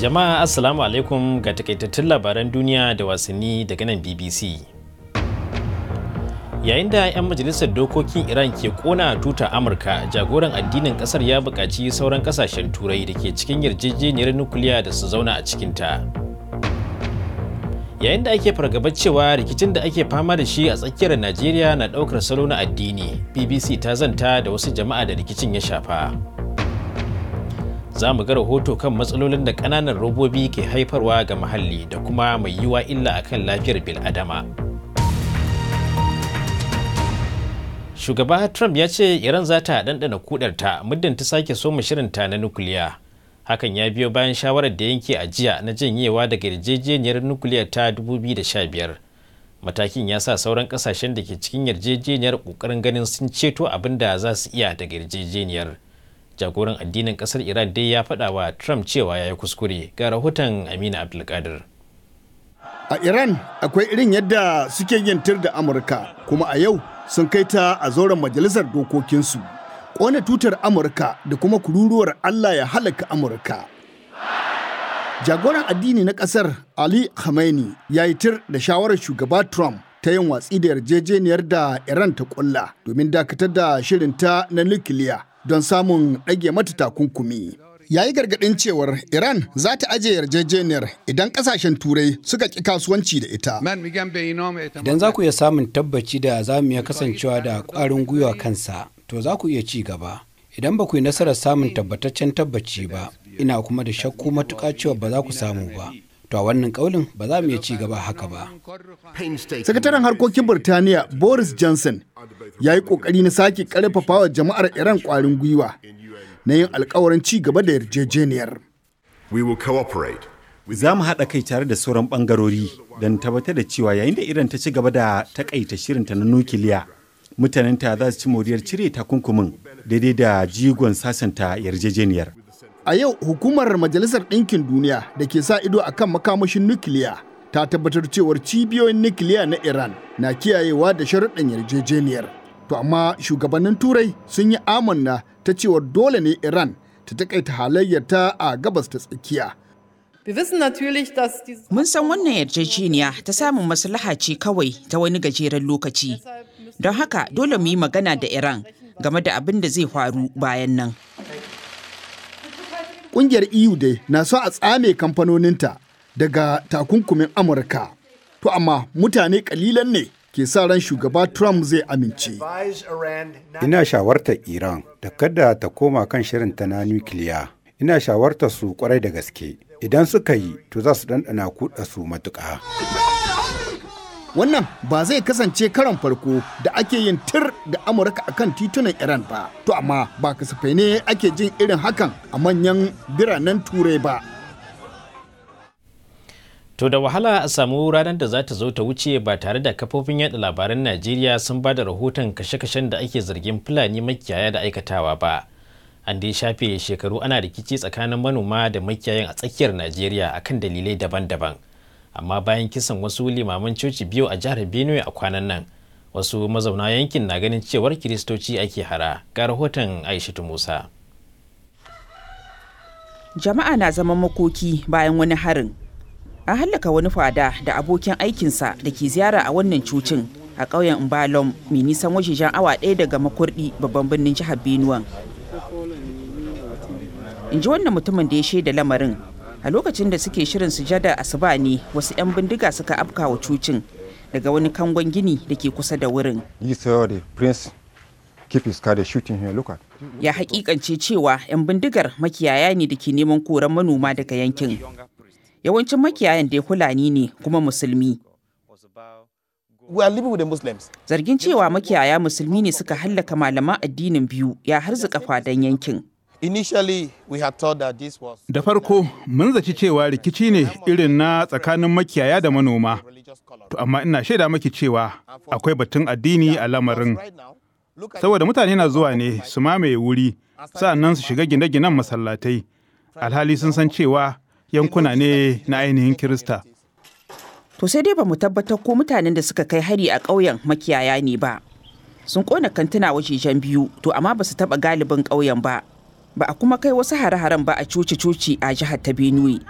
Jama'a Assalamu alaikum ga takaitattun labaran duniya da wasanni daga nan BBC. yayin da 'yan majalisar dokokin iran ke kona tuta amurka jagoran addinin kasar ya buƙaci sauran kasashen turai da ke cikin yarjejeniyar nukiliya da su zauna a cikinta yayin da ake fargabar cewa rikicin da ake fama da shi a tsakiyar najeriya na ɗaukar salo na addini bbc ta zanta da wasu jama'a da rikicin ya shafa za mu ga rahoto kan matsalolin da ƙananan robobi ke haifarwa ga muhalli da kuma mai yiwuwa illa akan lafiyar bil'adama. adama shugaba trump ya ce iran za ta ɗanɗana kudarta muddin ta sake soma shirinta na nukiliya hakan ya biyo bayan shawarar da yanke a jiya na janyewa daga yarjejeniyar nukiliya ta 2015 matakin ya sa sauran kasashen da ke cikin yarjejeniyar kokarin ganin sun ceto abin da za su iya daga yarjejeniyar jagoran addinin kasar iran dai ya faɗa wa trump cewa ya yi kuskure ga rahoton amina abdulkadir A Iran akwai irin yadda suke yantar da Amurka kuma a yau sun kai ta a zauren majalisar dokokinsu. Ƙone tutar Amurka da kuma kururuwar Allah ya halaka Amurka. Jagoran addini na ƙasar Ali Khamenei ya yi tir da shawarar shugaba Trump ta yin watsi da yarjejeniyar da Iran ta ƙulla domin dakatar da shirinta na nukiliya don samun ɗage mata takunkumi. ya yi gargaɗin cewar Iran za ta ajiye yarjejeniyar idan ƙasashen Turai suka ƙi kasuwanci da ita. Idan za ku iya samun tabbaci da za mu iya kasancewa da ƙwarin gwiwa kansa, to za ku iya ci gaba. Idan ba ku yi nasarar samun tabbataccen tabbaci ba, ina kuma da shakku matuƙa cewa ba za ku samu ba. To a wannan kaulin ba za mu iya ci gaba haka ba. Sakataren harkokin Birtaniya Boris Johnson ya yi ƙoƙari na sake ƙarfafa wa jama'ar Iran ƙwarin gwiwa na yin alkawarin ci gaba da yarjejeniyar. Za mu haɗa kai tare da sauran ɓangarori don tabbatar da cewa yayin da Iran ta ci gaba da takaita shirinta na nukiliya, mutanenta za su ci moriyar cire takunkumin daidai da jigon sasanta yarjejeniyar. A yau hukumar Majalisar Ɗinkin Duniya da ke sa ido a kan makamashin nukiliya ta tabbatar cewar cibiyoyin nukiliya na Iran na kiyayewa da sharuɗan yarjejeniyar. To amma shugabannin Turai sun yi amanna ta cewa dole ne Iran ta takaita halayyarta a gabas ta tsakiya. Mun san wannan yarjejeniya ta samun maslaha ce kawai ta wani gajeren lokaci. Don haka dole mu yi magana da Iran game da abin da zai faru bayan nan. Ƙungiyar EU dai na so a tsame kamfanoninta daga takunkumin Amurka. To amma mutane ƙalilan ne ke sa ran shugaba Trump zai amince. Ina shawartar Iran da kada ta koma kan shirinta na nukiliya. Ina shawartar su kwarai da gaske. Idan suka yi, to za su ɗanɗana kuɗa su matuƙa. Wannan ba zai kasance karan farko da ake yin tir da Amurka a kan titunan Iran ba. To amma ba kasafai ne ake jin irin hakan a manyan biranen Turai ba. To da wahala a samu ranar da za ta zo ta wuce ba tare da kafofin yaɗa labaran Najeriya sun ba da rahoton kashe-kashen da ake zargin Fulani makiyaya da aikatawa ba. An dai shafe shekaru ana rikici tsakanin manoma da makiyayan a tsakiyar Najeriya kan dalilai daban-daban. Amma bayan kisan wasu limaman coci biyu a jihar Benue a kwanan nan, wasu mazauna yankin na ganin cewar Kiristoci ake hara. Ga rahoton Aishatu Musa. Jama'a na zaman makoki bayan wani harin an hallaka wani fada da abokin aikinsa da ke ziyara a wannan cocin a ƙauyen mbalom mai nisan wajejen awa ɗaya daga makurdi babban birnin jihar benuwan in ji wannan mutumin da ya shaida lamarin a lokacin da suke shirin sujada asuba ne wasu 'yan bindiga suka afka wa cocin daga wani kangon gini da ke kusa da wurin ya hakikance cewa 'yan bindigar makiyaya ne da ke neman koran manoma daga yankin Yawancin makiyayan dai Fulani ne kuma musulmi. Zargin cewa makiyaya musulmi ne suka hallaka malaman addinin biyu ya harzuka fadan yankin. Da farko mun zaci cewa rikici ne irin na tsakanin makiyaya da manoma. To amma ina shaida maki cewa akwai batun addini a lamarin. Saboda mutane na zuwa ne su mamaye wuri, sa'annan su shiga gine-ginen masallatai. Alhali sun san cewa yankuna ne na ainihin Kirista. To sai dai ba mu tabbatar ko mutanen da suka kai hari a ƙauyen makiyaya ne ba. Sun ƙona kantuna wajejen biyu, to amma ba su taɓa galibin ƙauyen ba. Ba a kuma kai wasu hare-haren ba a coci-coci a jihar ta Benue.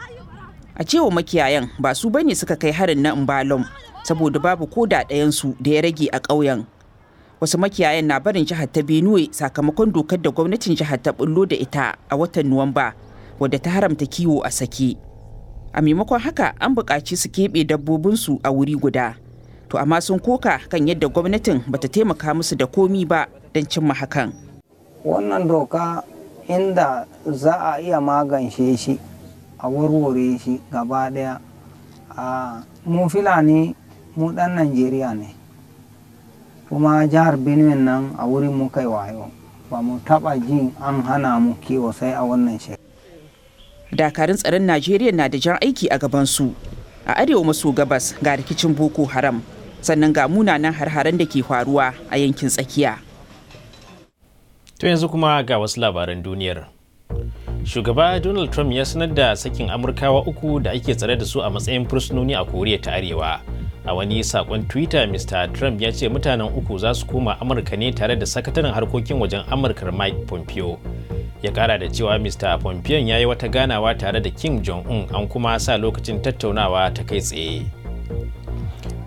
A cewa makiyayan ba su bane suka kai harin na Mbalom, saboda babu ko da ɗayan su da ya rage a ƙauyen. wasu makiyayan na barin jihar ta benue sakamakon dokar da gwamnatin jihar ta bullo da ita a watan nuwamba wadda ta haramta kiwo a sake a maimakon haka an buƙaci su keɓe dabbobinsu a wuri guda to amma sun koka kan yadda gwamnatin bata taimaka musu da komi ba don cimma hakan wannan doka inda za a iya magance shi a warware shi gaba daya a mu ne mu dan najeriya ne kuma jihar benue nan a wurin mu kai wayo ba mu taɓa jin an hana mu kiwo sai a wannan shi. dakarun tsaron najeriya na da jan aiki a gabansu a arewa maso gabas ga rikicin boko haram sannan ga munanan har-haren da ke faruwa a yankin tsakiya to yanzu kuma ga wasu labaran duniyar shugaba donald trump ya sanar da sakin amurkawa uku da ake tsare da su a matsayin fursunoni a koriya ta arewa a wani sakon twitter mr trump ya ce mutanen uku za su koma amurka ne tare da sakataren harkokin wajen amurkar mike pompeo ya kara da cewa mr pompeo ya yi wata ganawa tare da kim jong-un an kuma sa lokacin tattaunawa ta kai tsaye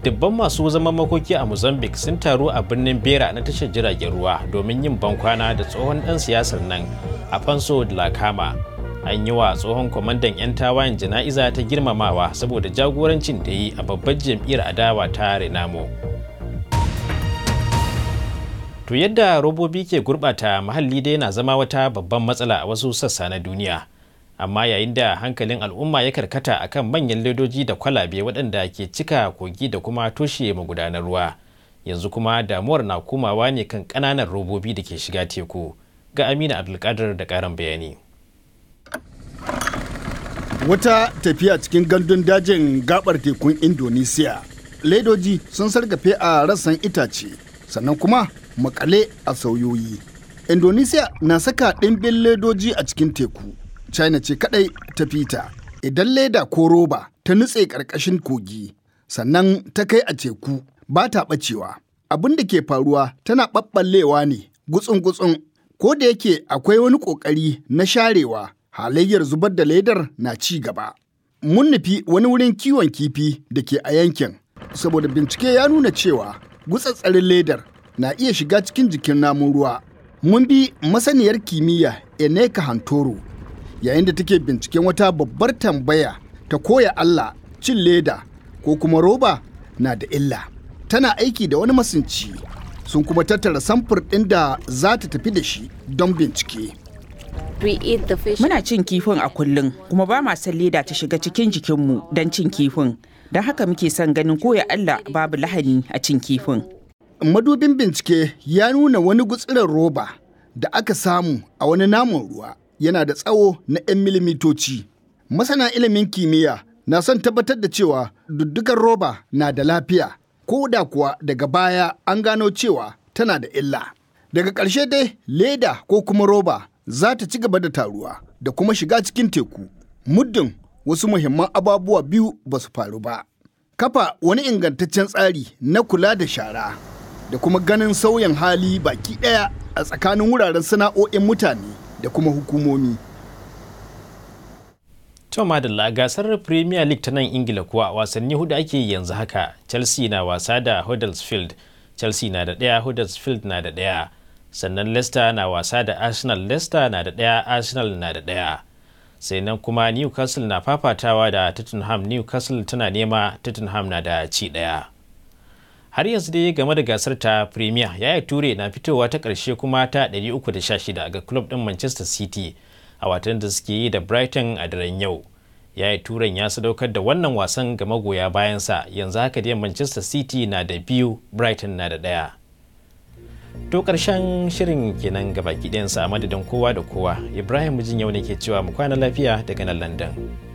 dubban masu zaman makoki a mozambique sun taru a birnin bera na tashar jiragen ruwa domin yin bankwana da tsohon dan siyasar nan afonso de la cama an yi wa tsohon kwamandan 'yan tawayen jana'iza ta girmamawa saboda jagorancin da yi a babbar jam'iyyar adawa ta renamo to yadda robobi ke gurɓata muhalli dai na zama wata babban matsala a wasu sassa na duniya amma yayin da hankalin al'umma ya karkata akan manyan ledoji da kwalabe waɗanda ke cika kogi da kuma toshe magudanar ruwa yanzu kuma damuwar na komawa ne kan ƙananan robobi da ke shiga teku ga amina abdulkadir da ƙarin bayani wata tafiya cikin gandun dajin gabar tekun indonesiya ledoji sun sarkafe a rassan itace sannan kuma makale a sauyoyi indonesia na saka ɗimbin ledoji a cikin teku china ce kaɗai ta fita idan leda ko roba ta nutse ƙarƙashin kogi sannan ta kai a teku ba ta ɓacewa abin da ke faruwa tana ɓaɓɓallewa ne gutsun-gutsun ko da yake akwai wani ƙoƙari na sharewa halayyar zubar da ledar na ci gaba mun nufi wani wurin kiwon kifi da ke a yankin saboda bincike ya nuna cewa gutsatsarin ledar na iya shiga cikin jikin namun ruwa. Mun bi masaniyar kimiyya Eneka Hantoro yayin da take binciken wata babbar tambaya ta koya Allah cin leda ko kuma roba na da illa. Tana aiki da wani masinci sun kuma tattara samfur ɗin da za ta tafi da shi don bincike. Muna cin kifin a kullum kuma ba san leda ta shiga cikin jikinmu don cin kifin. Don haka muke son ganin koya Allah babu lahani a cin kifin. madubin bincike ya nuna wani gutsirar roba da aka samu a wani namun ruwa yana da tsawo na 'yan milimitoci. Masana ilimin kimiyya na son tabbatar da cewa duddukan roba na da lafiya, ko da kuwa daga baya an gano cewa tana da illa. Daga ƙarshe dai leda ko kuma roba za ta ci gaba da taruwa da kuma shiga cikin teku. Muddin wasu muhimman abubuwa biyu ba su faru ba. Kafa wani ingantaccen tsari na kula da shara. da kuma ganin sauyin hali baki ɗaya a tsakanin wuraren sana'o'in mutane da kuma hukumomi. Tom Madalla gasar Premier League ta nan Ingila kuwa wasanni hudu ake yanzu haka Chelsea na wasa da Huddersfield, Chelsea na da ɗaya Huddersfield na da ɗaya, sannan Leicester na wasa da Arsenal, Leicester na da ɗaya Arsenal na da ɗaya. sai nan kuma newcastle na fafatawa da tottenham newcastle tana nema tottenham na da ci daya har yanzu dai game da gasar ta premier yaya ture na fitowa ta karshe kuma ta 316 ga club ɗin manchester city a watan da suke yi da brighton a daren yau yaya turen ya sadaukar da wannan wasan ga magoya bayansa yanzu haka dai manchester city na da biyu brighton na da ɗaya to ƙarshen shirin kenan gaba ɗayansa a madadin kowa da kowa ibrahim jin yau ne ke cewa mu kwana lafiya daga nan london